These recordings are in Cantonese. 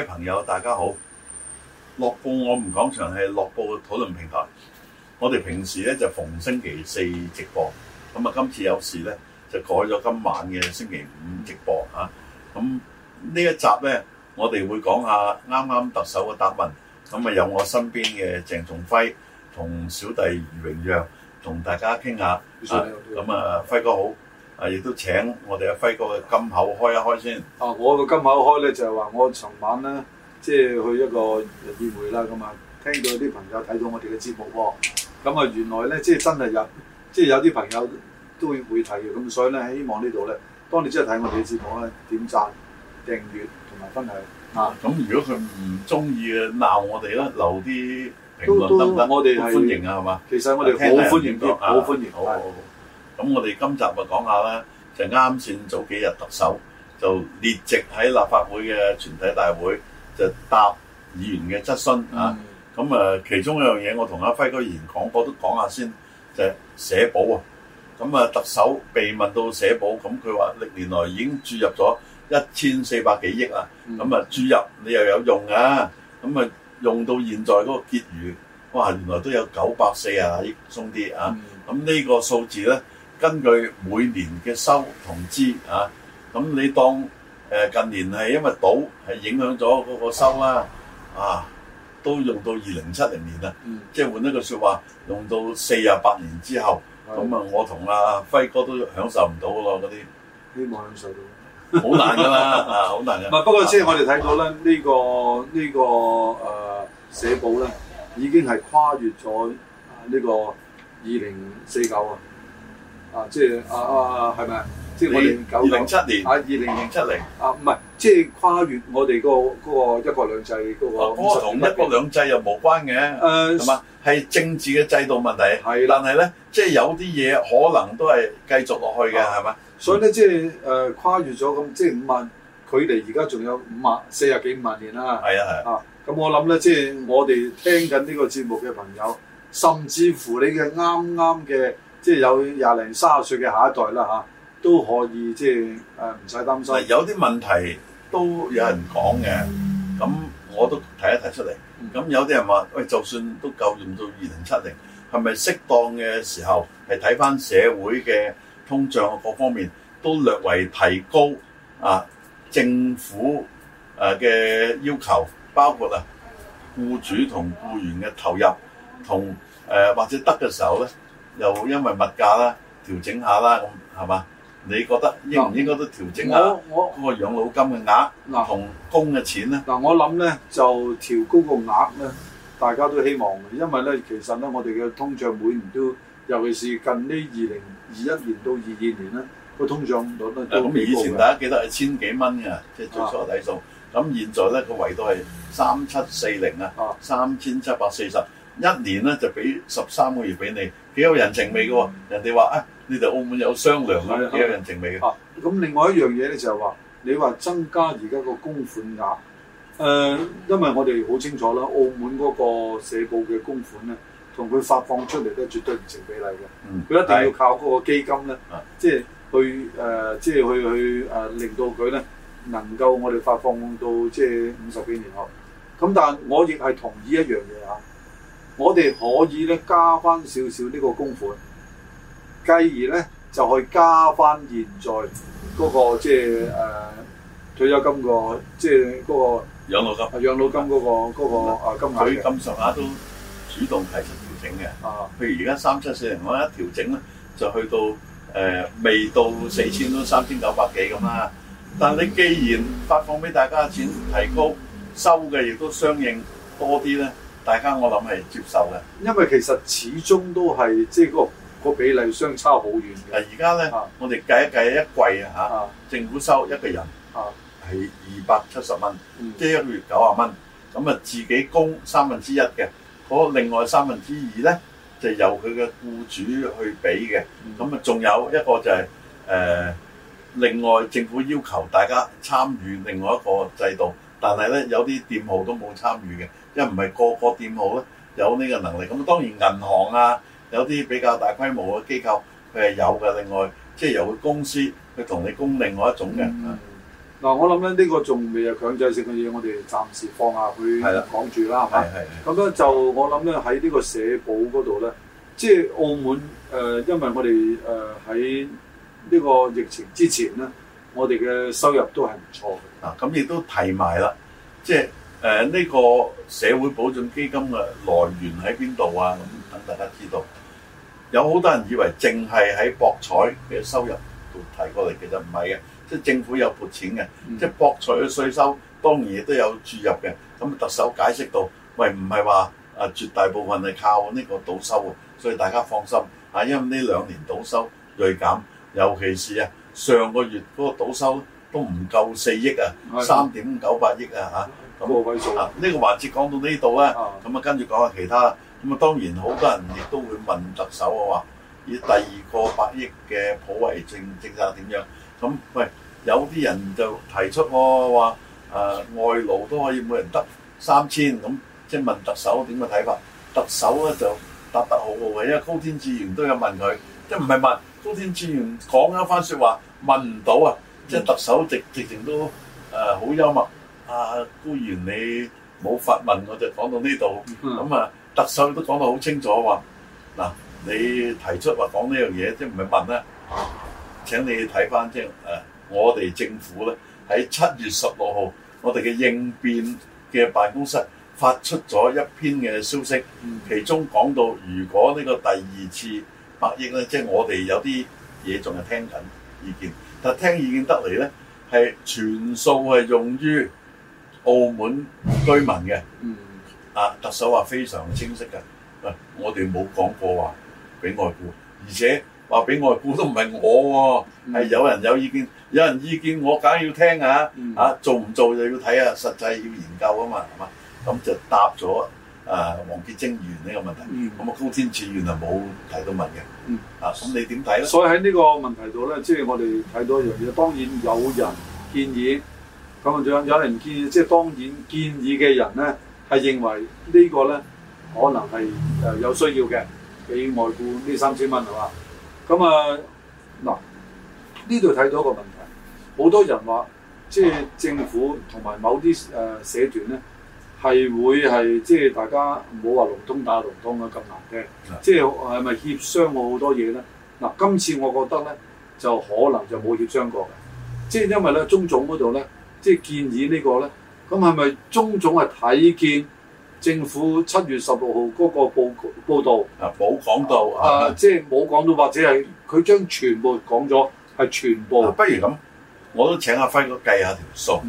各位朋友，大家好。樂報我哋講場係樂報嘅討論平台，我哋平時咧就逢星期四直播，咁啊今次有事咧就改咗今晚嘅星期五直播啊。咁呢一集咧，我哋會講下啱啱特首嘅答問，咁啊有我身邊嘅鄭仲輝同小弟余榮讓同大家傾下。咁的啊，輝哥好。啊！亦都請我哋阿輝哥嘅金口開一開先。啊！我個金口開咧就係、是、話我尋晚咧，即係去一個宴會啦咁啊，聽到啲朋友睇到我哋嘅節目喎、喔，咁、嗯、啊原來咧即係真係有，即係有啲朋友都會提嘅，咁所以咧希望呢度咧，當你真係睇我哋嘅節目咧，點讚、訂閱同埋分享。啊！咁、嗯、如果佢唔中意啊鬧我哋咧，留啲評論得唔得？行行，我哋歡迎啊，係嘛嗎？其實我哋好歡迎，好歡迎，好好、啊、好。好好咁我哋今集咪講下啦，就啱先早幾日特首就列席喺立法會嘅全體大會，就答議員嘅質詢啊。咁啊，其中一樣嘢我同阿輝哥議員講過，都講下先，就係社保啊。咁啊，特首被問到社保，咁佢話歷年來已經注入咗一千四百幾億啊。咁啊，注入你又有用㗎。咁啊，用到現在嗰個結餘，哇！原來都有九百四啊億，鬆啲啊。咁呢個數字咧～根據每年嘅收同支啊，咁你當誒近年係因為賭係影響咗嗰個收啦啊，的啊，都用到二零七零年啊，嗯、即係換一個説話，用到四啊八年之後，咁的啊，我同阿輝哥都享受唔到嘅嗰啲，希望享受到，好 難㗎啦 啊，好難㗎。唔不，不過即係、啊、我哋睇到咧、呢個，呢、呢個呢、呢個誒、呃、社保咧已經係跨越咗呢個二零四九啊。啊，即係啊啊，係咪？ 即係我哋九零七年 啊，二零零七年啊，唔係，即係跨越我哋嗰、嗰個嗰個一國兩制嗰個。我同 一國兩制又無關嘅，係嘛、啊？係政治嘅制度問題。係 的。但係咧，即係有啲嘢可能都係繼續落去嘅，係咪、啊？嗯、所以咧，即係誒跨越咗咁，即係五萬距離，而家仲有五萬四啊幾萬年啦。係啊係。啊，咁我諗咧，即係我哋聽緊呢個節目嘅朋友，甚至乎你嘅啱啱嘅。即係有廿零三十歲嘅下一代啦嚇，都可以即係誒，唔、呃、使擔心。有啲問題都有人講嘅，咁我都提一提出嚟。咁有啲人話，喂，就算都夠用到二零七零，係咪適當嘅時候係睇返社會嘅通脹各、那個、方面都略為提高啊？政府誒嘅、啊、要求，包括啊僱主同僱員嘅投入同誒、呃、或者得嘅時候咧？又因為物價啦，調整下啦，咁係嘛？你覺得應唔應該都調整下嗰個養老金嘅額同供嘅錢咧？嗱，我諗咧就調高個額咧，大家都希望嘅，因為咧其實咧我哋嘅通脹每年都，尤其是近呢二零二一年到二二年咧，個通脹到得都咁、嗯、以前大家記得係千幾蚊嘅，啊、即係最初底數。咁、啊、現在咧個位度係三七四零啊，三千七百四十。一年咧就俾十三個月俾你，幾有人情味嘅喎？人哋話啊，你哋澳門有商量啊，幾有人情味嘅。咁、啊、另外一樣嘢咧就係話，你話增加而家個供款額，誒、呃，因為我哋好清楚啦，澳門嗰個社保嘅供款咧，同佢發放出嚟咧，絕對唔成比例嘅。佢、嗯、一定要靠嗰個基金咧、啊呃，即係去誒、呃，即係去去誒、呃，令到佢咧能夠我哋發放到即係五十幾年後。咁但係我亦係同意一樣嘢嚇。我哋可以咧加翻少少呢個公款，繼而咧就去加翻現在嗰、那個即係誒退休金個即係嗰個養老金。啊、養老金嗰、那個嗰、嗯那個、嗯、啊金額，所以金額都主動提出調整嘅。啊，譬如而家三七四零我一調整咧，就去到誒、呃、未到四千都三千九百幾咁啦。但係你既然發放俾大家嘅錢提高，收嘅亦都相應多啲咧。大家我諗係接受嘅，因為其實始終都係即係嗰個比例相差好遠嘅。而家咧，啊、我哋計一計一季啊吓、啊、政府收一個人係二百七十蚊，即係一個月九啊蚊。咁啊，自己供三分之一嘅，嗰另外三分之二咧就由佢嘅雇主去俾嘅。咁啊，仲有一個就係、是、誒、呃，另外政府要求大家參與另外一個制度，但係咧有啲店鋪都冇參與嘅。因唔係個個店鋪咧有呢個能力，咁當然銀行啊，有啲比較大規模嘅機構佢係有嘅。另外，即係由佢公司去同你供另外一種嘅。嗱、嗯，我諗咧呢個仲未有強制性嘅嘢，我哋暫時放下去講住啦，係嘛的？咁吧樣就我諗咧喺呢個社保嗰度咧，即係澳門誒、呃，因為我哋誒喺呢個疫情之前咧，我哋嘅收入都係唔錯嘅。嗱，咁亦都提埋啦，即係。誒呢個社會保障基金嘅來源喺邊度啊？咁等大家知道，有好多人以為淨係喺博彩嘅收入度提過嚟，其實唔係嘅，即係政府有撥錢嘅，即係博彩嘅稅收當然亦都有注入嘅。咁特首解釋到，喂唔係話啊絕大部分係靠呢個賭收，所以大家放心。啊，因為呢兩年賭收銳減，尤其是啊上個月嗰個賭收都唔夠四億啊，三點九八億啊嚇。咁冇鬼啊。呢個環節講到呢度咧，咁啊跟住講下其他。咁啊當然好多人亦都會問特首，我話以第二個百億嘅普惠政政策點樣？咁喂，有啲人就提出我話誒、呃、外勞都可以每人得三千，咁即係問特首點嘅睇法？特首咧就答得，得好好嘅，因為高天志員都有問佢，即係唔係問高天志員講咗一番說話，問唔到啊！即係特首直直情都誒好、呃、幽默。啊，居然你冇發問，我就講到呢度。咁、嗯、啊，特首都講到好清楚話。嗱，你提出話講呢樣嘢，即係唔係問咧？請你睇翻即係誒、啊，我哋政府咧喺七月十六號，我哋嘅應變嘅辦公室發出咗一篇嘅消息，其中講到如果呢個第二次百億咧，即係我哋有啲嘢仲係聽緊意見，但聽意見得嚟咧係全數係用於澳門居民嘅，啊，特首話非常清晰嘅，唔，我哋冇講過話俾外僱，而且話俾外僱都唔係我喎，嗯、係有人有意見，有人意見我梗要聽啊，啊做唔做就要睇啊，實際要研究啊嘛，係嘛，咁就答咗啊黃潔貞議員呢個問題，咁、嗯、啊、嗯、高天賜議員啊冇提到問嘅，啊咁、嗯、你點睇咧？所以喺呢個問題度咧，即、就、係、是、我哋睇到一樣嘢，當然有人建議、嗯。嗯有有人建議，即係當然建議嘅人咧，係認為個呢個咧可能係誒有需要嘅俾外僱呢三千蚊係嘛？咁啊嗱，呢度睇到一個問題，好多人話，即係政府同埋某啲誒社團咧係會係即係大家唔好話龍通打龍通啊咁難聽，的即係係咪協商過好多嘢咧？嗱，今次我覺得咧就可能就冇協商過嘅，即係因為咧中總嗰度咧。即係建議個呢個咧，咁係咪中總係睇見政府七月十六號嗰個報報導？啊，冇講到啊，啊即係冇講到，或者係佢將全部講咗，係全部。啊、不如咁、嗯，我都請阿、啊、輝哥計下條數嚇、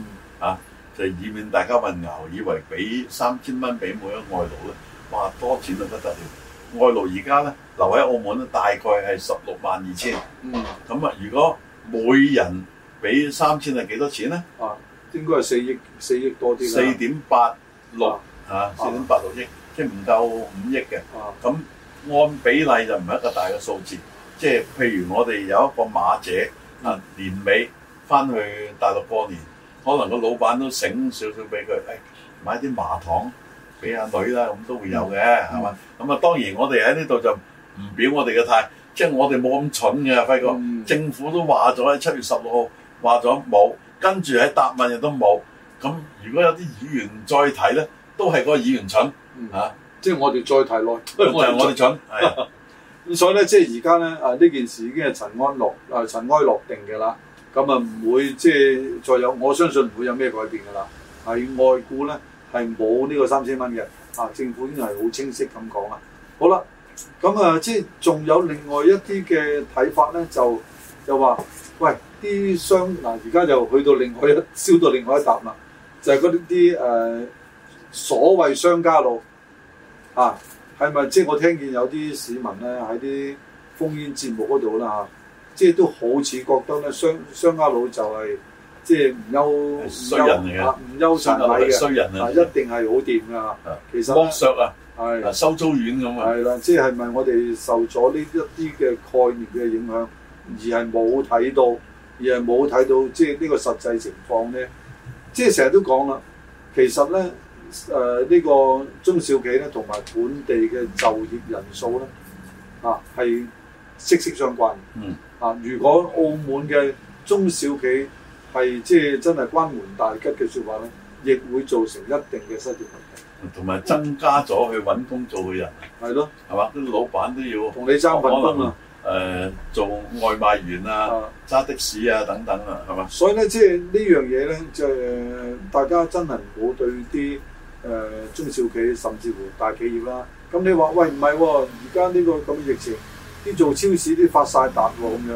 嗯啊，就係、以免大家混淆，以為俾三千蚊俾每一個外勞咧，哇多錢都不得了！外勞而家咧留喺澳門咧，大概係十六萬二千。嗯，咁啊、嗯，如果每人俾三千係幾多錢咧？啊。應該係四億四億多啲四點八六啊，四點八六億，即係唔夠五億嘅。咁、啊、按比例就唔係一個大嘅數字。即係譬如我哋有一個馬姐嗱、嗯啊，年尾翻去大陸過年，可能個老闆都醒少少俾佢，誒、哎、買啲麻糖俾阿女啦，咁都會有嘅，係嘛、嗯？咁啊，當然我哋喺呢度就唔表我哋嘅態，即係我哋冇咁蠢嘅輝哥，嗯嗯、政府都話咗喺七月十六號話咗冇。跟住喺答問亦都冇，咁如果有啲議員再提咧，都係個議員蠢嚇，即係我哋再提耐都係我哋蠢。咁所以咧，即係而家咧，啊呢件事已經係塵埃落啊塵埃落定嘅啦，咁啊唔會即係再有，我相信唔會有咩改變噶啦。係外顧咧係冇呢個三千蚊嘅，啊政府已經係好清晰咁講啦。好啦，咁啊即係仲有另外一啲嘅睇法咧，就就話喂。啲商嗱，而家就去到另外一燒到另外一笪啦，就係嗰啲啲所謂商家佬，啊，係咪即係我聽見有啲市民咧喺啲烽煙節目嗰度啦嚇，即係都好似覺得咧商商家佬就係、是、即係唔憂唔憂人嚟嘅，唔憂塵嘅，衰人啊，一定係好掂㗎，啊、其實剝削啊，是啊，收租院咁啊，啦，即係咪我哋受咗呢一啲嘅概念嘅影響，而係冇睇到。而係冇睇到即係呢個實際情況咧，即係成日都講啦。其實咧，誒、呃、呢、這個中小企咧同埋本地嘅就業人數咧，啊係息息相關。嗯。啊，如果澳門嘅中小企係即係真係關門大吉嘅說話咧，亦會造成一定嘅失業問題。同埋增加咗去揾工做嘅人。係咯、嗯。係嘛吧？啲老闆都要，同你爭份工啊！誒、呃，做外賣員啊，揸、啊、的士啊，等等啊，係嘛？所以咧，即係呢樣嘢咧，就係、是、大家真係，唔好對啲誒中小企業，甚至乎大企業啦。咁你話喂唔係，而家呢個咁、這個、疫情，啲做超市啲發晒達喎咁樣。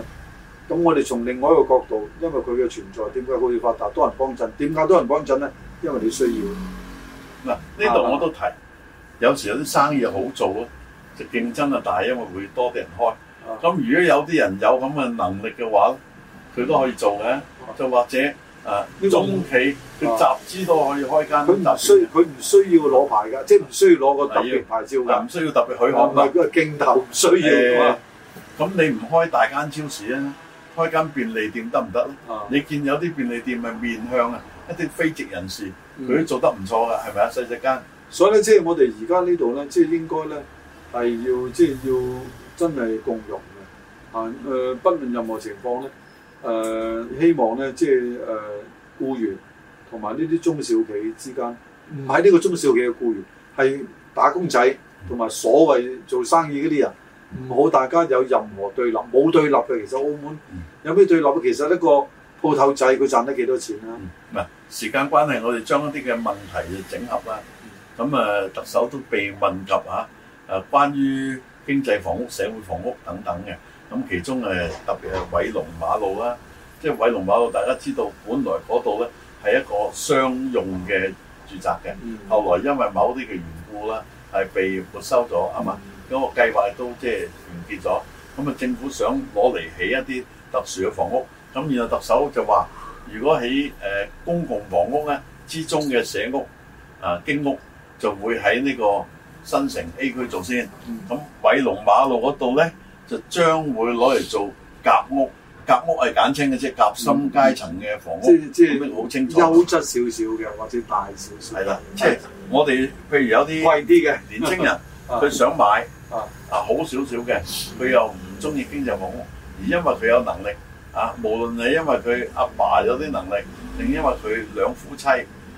咁我哋從另外一個角度，因為佢嘅存在，點解可以發達？多人幫襯，點解多人幫襯咧？因為你需要。嗱、啊，呢度吧我都提，有時有啲生意好做咯，就競爭啊大，但係因為會多啲人開。咁如果有啲人有咁嘅能力嘅話，佢都可以做嘅。就或者誒中、啊、企佢集資都可以開間。佢唔需佢唔需要攞牌㗎，即係唔需要攞、啊、個特別牌照唔、啊、需要特別許可。唔係佢係鏡頭，唔需要。咁、啊啊、你唔開大間超市啊？開間便利店得唔得咧？啊、你見有啲便利店係面向啊一啲非籍人士，佢都做得唔錯㗎，係咪啊細細間？所以咧，即、就、係、是、我哋而家呢度咧，即、就、係、是、應該咧係要即係要。就是要真係共融嘅，啊誒，不論任何情況咧，誒、呃、希望咧，即係誒、呃、僱員同埋呢啲中小企之間，唔係呢個中小企嘅僱員係打工仔同埋所謂做生意嗰啲人，唔好大家有任何對立，冇對立嘅。其實澳門有咩對立？其實一個鋪頭仔佢賺得幾多錢啦？唔係、嗯、時間關係，我哋將一啲嘅問題整合啦。咁啊，特首都被問及嚇，誒、啊、關於。經濟房屋、社會房屋等等嘅，咁其中誒特別係偉龍馬路啦，即係偉龍馬路，大家知道，本來嗰度咧係一個商用嘅住宅嘅，後來因為某啲嘅緣故啦，係被沒收咗啊嘛，咁、嗯、個計劃都即係完結咗，咁啊政府想攞嚟起一啲特殊嘅房屋，咁然後特首就話，如果起誒公共房屋咧之中嘅社屋啊經屋，就會喺呢、這個。新城 A 區做先，咁偉龍馬路嗰度咧就將會攞嚟做夾屋，夾屋係簡稱嘅啫，夾心階層嘅房屋，嗯、即係好清楚，優質少少嘅或者大少少。係啦的，的即係我哋譬如有啲貴啲嘅年青人，佢些 想買啊好少少嘅，佢又唔中意經濟房屋，而因為佢有能力啊，無論係因為佢阿爸、爸有啲能力，定因為佢兩夫妻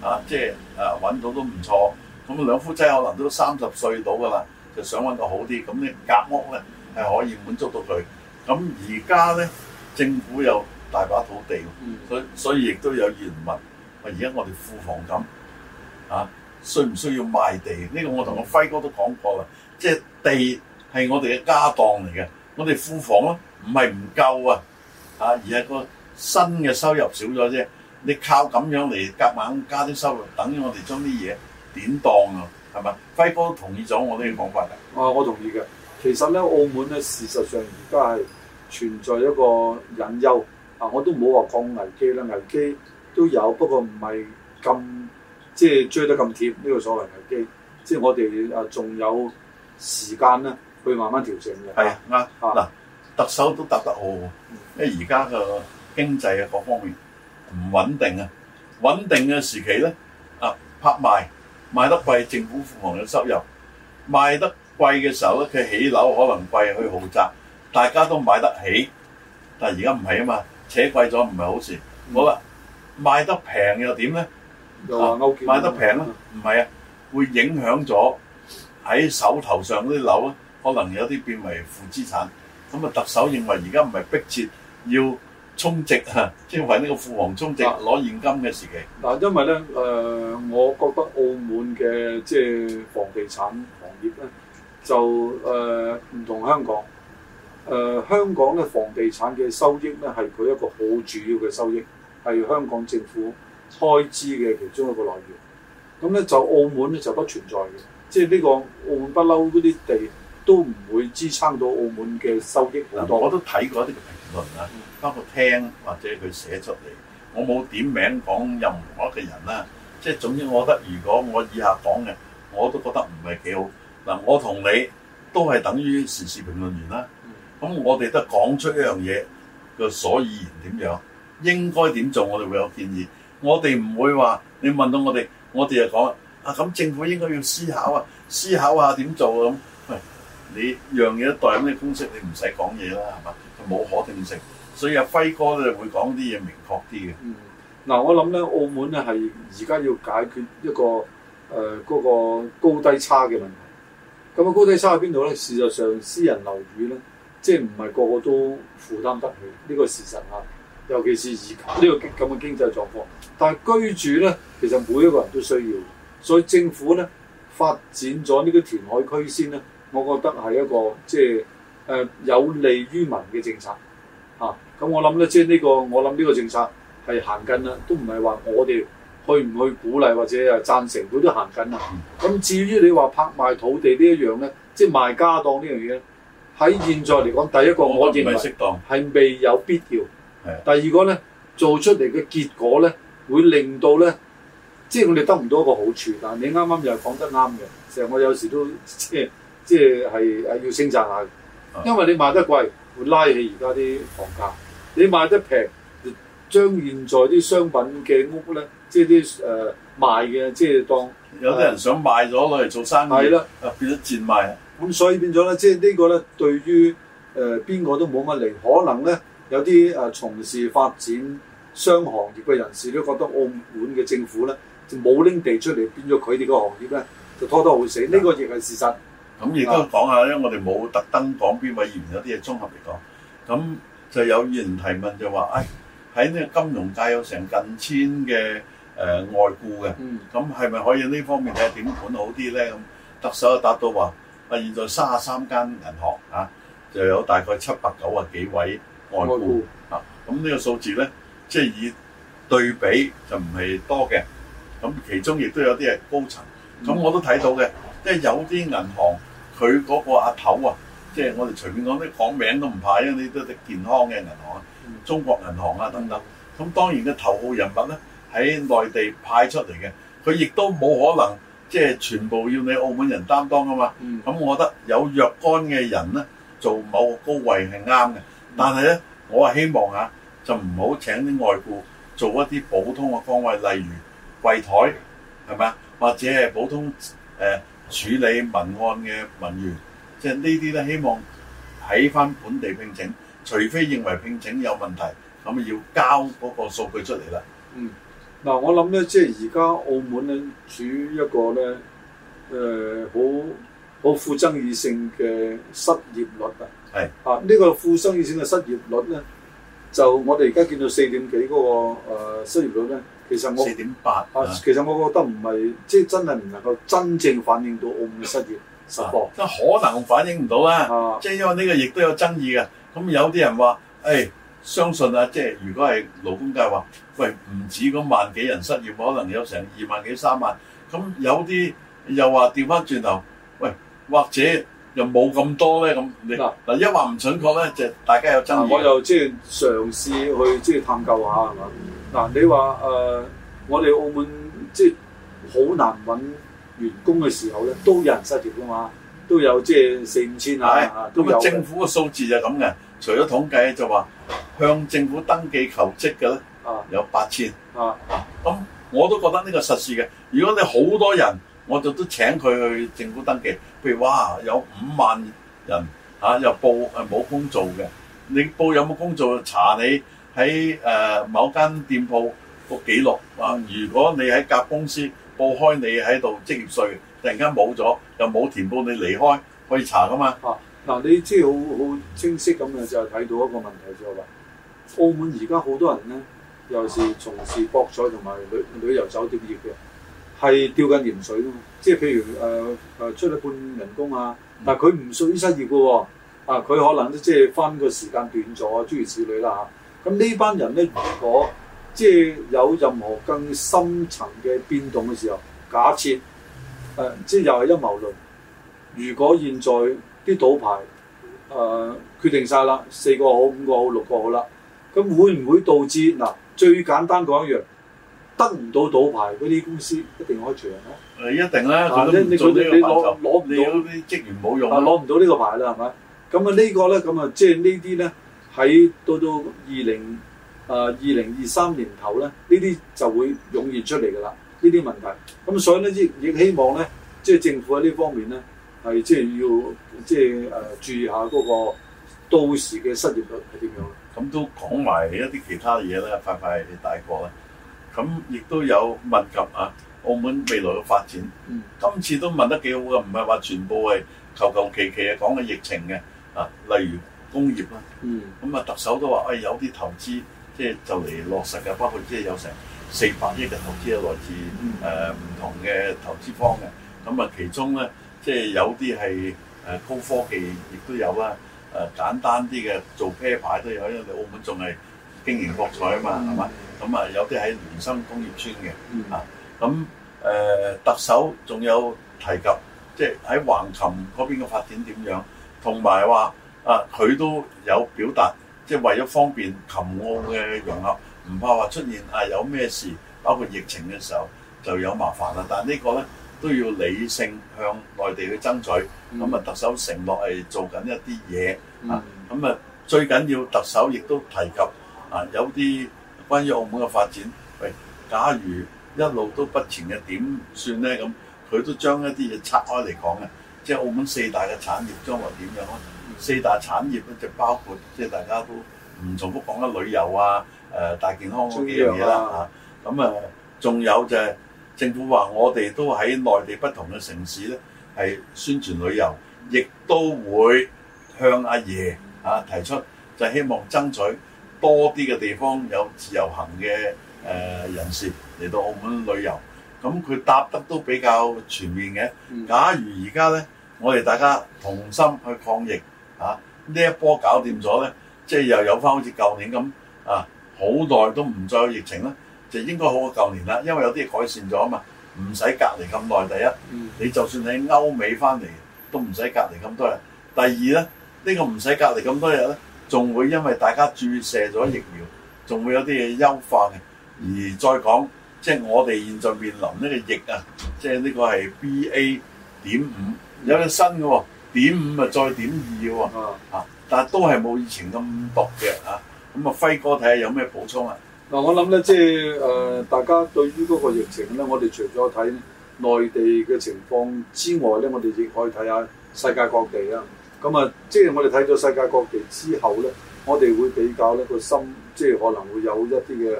啊，即係啊揾到都唔錯。咁兩夫妻可能都三十歲到㗎啦，就想揾個好啲，咁咧隔屋咧係可以滿足到佢。咁而家咧政府有大把土地，所以所以亦都有原物。我而家我哋庫房咁嚇、啊，需唔需要賣地？呢、呢個我同阿輝哥都講過啦，即係地係我哋嘅家當嚟嘅，我哋庫房咯、啊，唔係唔夠啊嚇，而係個新嘅收入少咗啫。你靠咁樣嚟夾硬加啲收入，等於我哋將啲嘢。典當啊，係咪輝哥同意咗？我呢個講法㗎。啊，我同意嘅。其實咧，澳門咧，事實上而家係存在一個隱憂啊。我都冇話講危機啦，危機都有，不過唔係咁即係追得咁貼呢個所謂危機。即係我哋啊，仲有時間咧，去慢慢調整嘅。係啊，啊。嗱、啊，啊、特首都答得好好、啊，因為而家嘅經濟啊，各方面唔穩定啊。穩定嘅時期咧，啊拍賣。賣得貴，政府庫房有收入；賣得貴嘅時候咧，佢起樓可能貴去豪宅，大家都買得起。但係而家唔係啊嘛，扯貴咗唔係好事。嗯、好啦，賣得平又點咧？又勾、啊、賣得平咧，唔係、嗯、啊，會影響咗喺手頭上嗰啲樓咧，可能有啲變為負資產。咁啊，特首認為而家唔係逼切要。充值啊，即係搵呢個富豪充值攞現金嘅時期。嗱，因為咧，誒、呃，我覺得澳門嘅即係房地產行業咧，就誒唔、呃、同香港。誒、呃，香港嘅房地產嘅收益咧，係佢一個好主要嘅收益，係香港政府開支嘅其中一個來源。咁咧就澳門咧就不存在嘅，即係呢個澳門不嬲嗰啲地都唔會支撐到澳門嘅收益多、嗯。我都睇過一啲。論啊，包括聽或者佢寫出嚟，我冇點名講任何一個人啦。即係總之，我覺得如果我以下講嘅，我都覺得唔係幾好。嗱，我同你都係等於時事評論員啦。咁我哋都講出一樣嘢嘅所以然點樣，應該點做，我哋會有建議。我哋唔會話你問到我哋，我哋就講啊咁，政府應該要思考啊，思考下點做咁。你樣嘢一代咁嘅公式，你唔使講嘢啦，係嘛？冇可定性，所以阿、啊、輝哥咧會講啲嘢明確啲嘅。嗱、嗯啊，我諗咧，澳門咧係而家要解決一個誒嗰、呃那個高低差嘅問題。咁啊，高低差喺邊度咧？事實上，私人樓宇咧，即係唔係個個都負擔得起呢、這個事實啊？尤其是而家呢個咁嘅、這個、經濟狀況。但係居住咧，其實每一個人都需要，所以政府咧發展咗呢個填海區先啦。我覺得係一個即係誒、呃、有利於民嘅政策嚇，咁、啊、我諗咧，即係呢、這個我諗呢個政策係行緊啦，都唔係話我哋去唔去鼓勵或者係贊成，佢都行緊啦。咁、嗯、至於你話拍賣土地呢一樣咧，即係賣家當呢樣嘢喺現在嚟講，第一個我認為適當係未有必要。第二個咧做出嚟嘅結果咧，會令到咧即係我哋得唔到一個好處。但係你啱啱又講得啱嘅，成日我有時都即係。 即係係要升賺下，因為你賣得貴會拉起而家啲房價，你賣得平就將現在啲商品嘅屋咧，即係啲誒賣嘅，即係當有啲人想買咗攞嚟做生意，係咯、呃，啊變咗賤賣。咁、嗯、所以變咗咧，即係呢個咧對於誒邊個都冇乜利。可能咧有啲誒、呃、從事發展商行業嘅人士都覺得澳門嘅政府咧就冇拎地出嚟，變咗佢哋個行業咧就拖拖會死。呢個亦係事實。咁亦都講下咧，我哋冇特登講邊位議員，有啲嘢綜合嚟講。咁就有議員提問就話，誒喺呢個金融界有成近千嘅誒、呃、外僱嘅，咁係咪可以呢方面睇下點管好啲咧？咁特首就答到話，啊，現在三十三間銀行啊，就有大概七百九啊幾位外僱、外僱、嗯、啊，咁呢個數字咧，即、就、係、是、以對比就唔係多嘅。咁其中亦都有啲係高層，咁我都睇到嘅。嗯嗯即係有啲銀行，佢嗰個阿頭啊，即係我哋隨便講啲講名都唔怕，因為你都係健康嘅銀行，中國銀行啊等等。咁當然嘅頭號人物咧，喺內地派出嚟嘅，佢亦都冇可能即係全部要你澳門人擔當㗎嘛。咁、嗯、我覺得有若干嘅人咧，做某個高位係啱嘅，但係咧，我係希望啊，就唔好請啲外部做一啲普通嘅崗位，例如櫃枱係咪啊？或者係普通誒。呃處理文案嘅文員，即係呢啲咧，希望喺翻本地聘請，除非認為聘請有問題，咁啊要交嗰個數據出嚟啦。嗯，嗱，我諗咧，即係而家澳門咧處於一個咧，誒、呃，好好富爭議性嘅失業率是啊。係啊，呢個富爭議性嘅失業率咧，就我哋而家見到四點幾嗰個誒失業率咧。其實我四點八，8，啊、其實我覺得唔係，即、就、係、是、真係唔能夠真正反映到澳門嘅失業，失啊、可能反映唔到啦啊！即係因為呢個亦都有爭議嘅。咁有啲人話，誒、哎，相信啊，即係如果係勞工界話，喂，唔止嗰萬幾人失業，可能有成二萬幾三萬。咁有啲又話調翻轉頭，喂，或者又冇咁多咧咁。嗱、啊啊，一話唔準確咧，就是、大家有爭議，啊。我又即係嘗試去即係、就是、探究下係嘛？啊嗯嗱，你話誒、呃，我哋澳門即係好難揾員工嘅時候咧，都有人失業噶嘛，都有即係四五千啊，咁啊係政府嘅數字就咁嘅，除咗統計就話向政府登記求職嘅咧，啊、有八千，咁、啊、我都覺得呢個實事嘅。如果你好多人，我就都請佢去政府登記，譬如哇，有五萬人啊，又報誒冇工做嘅，你報有冇工做查你。喺誒某間店鋪個記錄啊，如果你喺甲公司報開你喺度職業稅，突然間冇咗又冇填報你離開，可以查噶嘛？啊，嗱，你即係好好清晰咁樣就睇到一個問題，就係話澳門而家好多人咧，又是從事博彩同埋旅旅遊酒店業嘅，係掉緊鹽水嘛？即係譬如誒誒、呃、出去半人工啊，但係佢唔屬於失業嘅喎，啊，佢、啊、可能即係返個時間短咗諸如此類啦嚇。咁呢班人咧，如果即係有任何更深層嘅變動嘅時候，假設誒、呃，即係又係陰謀論。如果現在啲賭牌誒、呃、決定晒啦，四個好，五個好，六個好啦，咁、嗯、會唔會導致嗱？最簡單講一樣，得唔到賭牌嗰啲公司一定開除人咯。誒，一定啦。你你攞攞唔到啲職員冇用啊，攞唔到呢個牌啦，係咪？咁啊呢個咧，咁啊即係呢啲咧。喺到到二零啊二零二三年頭咧，呢啲就會湧現出嚟㗎啦，呢啲問題。咁所以咧亦亦希望咧，即係政府喺呢方面咧，係即係要即係誒、呃、注意下嗰個到時嘅失業率係點樣。咁、嗯、都講埋一啲其他嘢啦，快快大過啦。咁亦都有問及啊，澳門未來嘅發展。嗯，今次都問得幾好嘅，唔係話全部係求求其其講嘅疫情嘅啊，例如。工業啦，咁啊、嗯，特首都話，誒有啲投資，即係就嚟落實嘅，包括即係有成四百億嘅投資啊，來自誒唔同嘅投資方嘅。咁啊，其中咧，即係有啲係誒高科技，亦都有啦。誒簡單啲嘅做啤牌都有，因為澳門仲係經營博彩啊嘛，係嘛、嗯？咁啊，有啲喺聯生工業村嘅嚇。咁誒、嗯啊，特首仲有提及，即係喺橫琴嗰邊嘅發展點樣，同埋話。啊！佢都有表達，即係為咗方便琴澳嘅融合，唔怕話出現啊有咩事，包括疫情嘅時候就有麻煩啦。但係呢個咧都要理性向內地去爭取。咁啊，特首承諾係做緊一啲嘢啊。咁啊，最緊要特首亦都提及啊，有啲關於澳門嘅發展。喂，假如一路都不前嘅點算咧？咁佢都將一啲嘢拆開嚟講嘅，即係澳門四大嘅產業將來點樣啊？四大產業咧就包括即係大家都唔重複講啦，旅遊啊，誒、呃、大健康嗰啲嘢啦嚇，咁啊仲、啊、有就係政府話我哋都喺內地不同嘅城市咧，係宣傳旅遊，亦都會向阿爺嚇、啊、提出就希望爭取多啲嘅地方有自由行嘅誒人士嚟到澳門旅遊，咁佢答得都比較全面嘅。假如而家咧，我哋大家同心去抗疫。啊！呢一波搞掂咗咧，即係又有翻好似舊年咁啊！好耐都唔再有疫情啦，就應該好過舊年啦，因為有啲嘢改善咗啊嘛，唔使隔離咁耐。第一，你就算喺歐美翻嚟都唔使隔離咁多日。第二咧，呢個唔使隔離咁多日咧，仲會因為大家注射咗疫苗，仲會有啲嘢優化嘅。而再講，即係我哋現在面臨呢個疫啊，即係呢個係 BA.5，有隻新嘅喎、啊。點五咪再點二喎、啊啊，但係都係冇以前咁毒嘅嚇。咁啊，輝哥睇下有咩補充啊？嗱，我諗咧，即係誒，大家對於嗰個疫情咧，我哋除咗睇內地嘅情況之外咧，我哋亦可以睇下世界各地啊。咁啊，即係我哋睇咗世界各地之後咧，我哋會比較咧個心，即、就、係、是、可能會有一啲嘅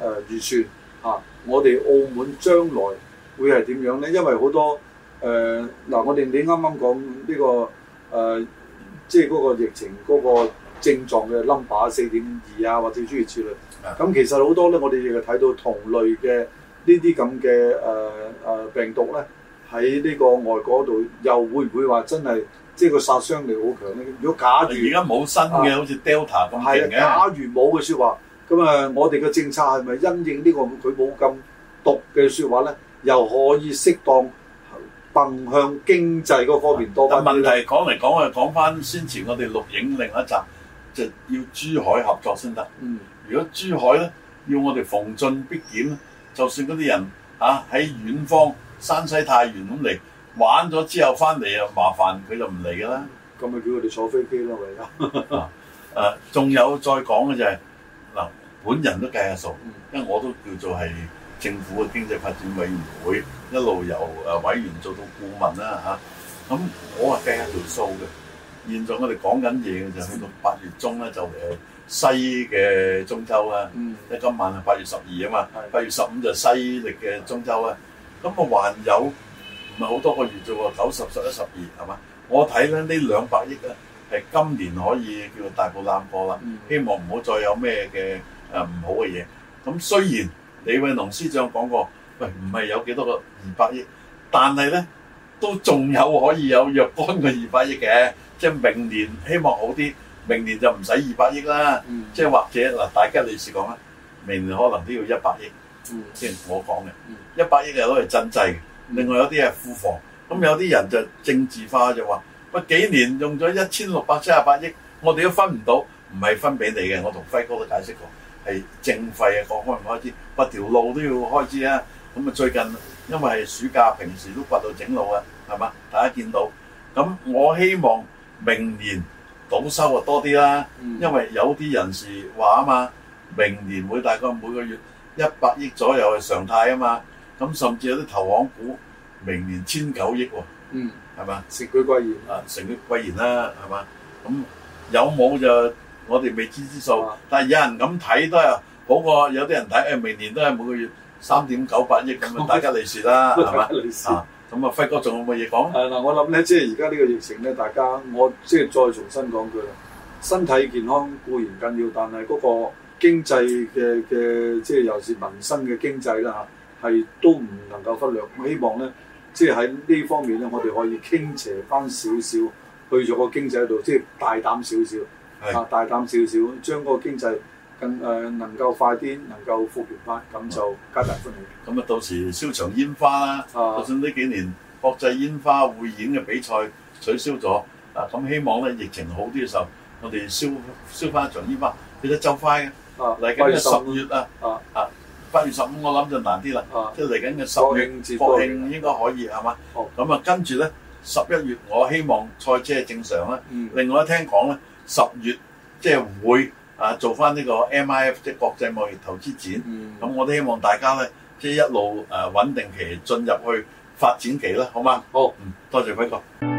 誒預算嚇、啊。我哋澳門將來會係點樣咧？因為好多。誒嗱、呃，我哋你啱啱講呢個誒、呃，即係嗰個疫情嗰個症狀嘅 number 四點二啊，或者諸如此類。咁其實好多咧，我哋亦係睇到同類嘅呢啲咁嘅誒誒病毒咧，喺呢個外國度又會唔會話真係即係個殺傷力好強咧？如果假如而家冇新嘅，啊、好似 Delta 咁係，假如冇嘅説話，咁誒我哋嘅政策係咪因應個呢個佢冇咁毒嘅説話咧，又可以適當？更向經濟嗰方面多，但問題講嚟講去講翻先前我哋錄影另一集，就要珠海合作先得。嗯，如果珠海咧，要我哋逢進必檢，就算嗰啲人嚇喺、啊、遠方山西太原咁嚟玩咗之後翻嚟啊，麻煩佢就唔嚟㗎啦。咁咪叫佢哋坐飛機咯，咪咯。誒、 啊，仲、啊、有再講嘅就係、是、嗱，本人都計下數，因為我都叫做係。政府嘅經濟發展委員會一路由誒委員做到顧問啦嚇，咁、啊、我啊掟一條數嘅。現在我哋講緊嘢就去到八月中咧，就誒、是、西嘅中秋啊，即、嗯、今晚啊八月十二啊嘛，八月十五就西歷嘅中秋啊。咁啊還有唔係好多個月做喎，九十十一十二係嘛？我睇咧呢兩百億咧係今年可以叫做大步攬過啦，嗯、希望唔好再有咩嘅誒唔好嘅嘢。咁雖然李永龍司長講過，喂，唔係有幾多個二百億，但係咧都仲有可以有若干個二百億嘅，即係明年希望好啲，明年就唔使二百億啦，嗯、即係或者嗱，大家女士講啦，明年可能都要一百億，即係、嗯、我講嘅，一百億係攞嚟振濟，另外有啲係庫房，咁有啲人就政治化就話，喂，幾年用咗一千六百七十八億，我哋都分唔到，唔係分俾你嘅，我同輝哥都解釋過。係淨費啊，講開唔開支，掘條路都要開支啊！咁啊，最近因為係暑假，平時都掘到整路啊，係嘛？大家見到咁，我希望明年黨收啊多啲啦，因為有啲人士話啊嘛，明年會大概每個月一百億左右係常態啊嘛，咁甚至有啲投行估明年千九億喎，嗯，係嘛？食佢貴言啊，食佢貴言啦，係嘛？咁有冇就？我哋未知之數，但係有人咁睇都係好過有啲人睇，誒明年都係每個月三點九八億咁啊，大吉利事啦，係嘛？咁啊，輝哥仲有冇嘢講？誒嗱，我諗咧，即係而家呢個疫情咧，大家我即係再重新講句啦，身體健康固然緊要，但係嗰個經濟嘅嘅，即係又是民生嘅經濟啦嚇，係都唔能夠忽略。我希望咧，即係喺呢方面咧，我哋可以傾斜翻少少去咗個經濟喺度，即係大膽少少。係啊，大膽少少，將個經濟更誒能夠快啲，能夠復原翻，咁就皆大歡喜。咁啊，到時燒場煙花啦！就算呢幾年國際煙花匯演嘅比賽取消咗，啊咁希望咧疫情好啲嘅時候，我哋燒燒翻一場煙花。其實就快嘅，嚟緊嘅十月啊，啊八月十五我諗就難啲啦，即係嚟緊嘅十月國慶應該可以係嘛？咁啊，跟住咧十一月我希望賽車係正常啦。另外聽講咧。十月即係會啊，做翻呢個 MIF 即係國際貿易投資展，咁、嗯、我都希望大家咧，即係一路誒穩、啊、定期進入去發展期啦，好嗎？好，嗯，多謝輝哥。